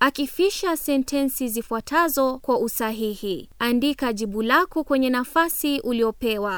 Akifisha sentensi zifuatazo kwa usahihi. Andika jibu lako kwenye nafasi uliopewa.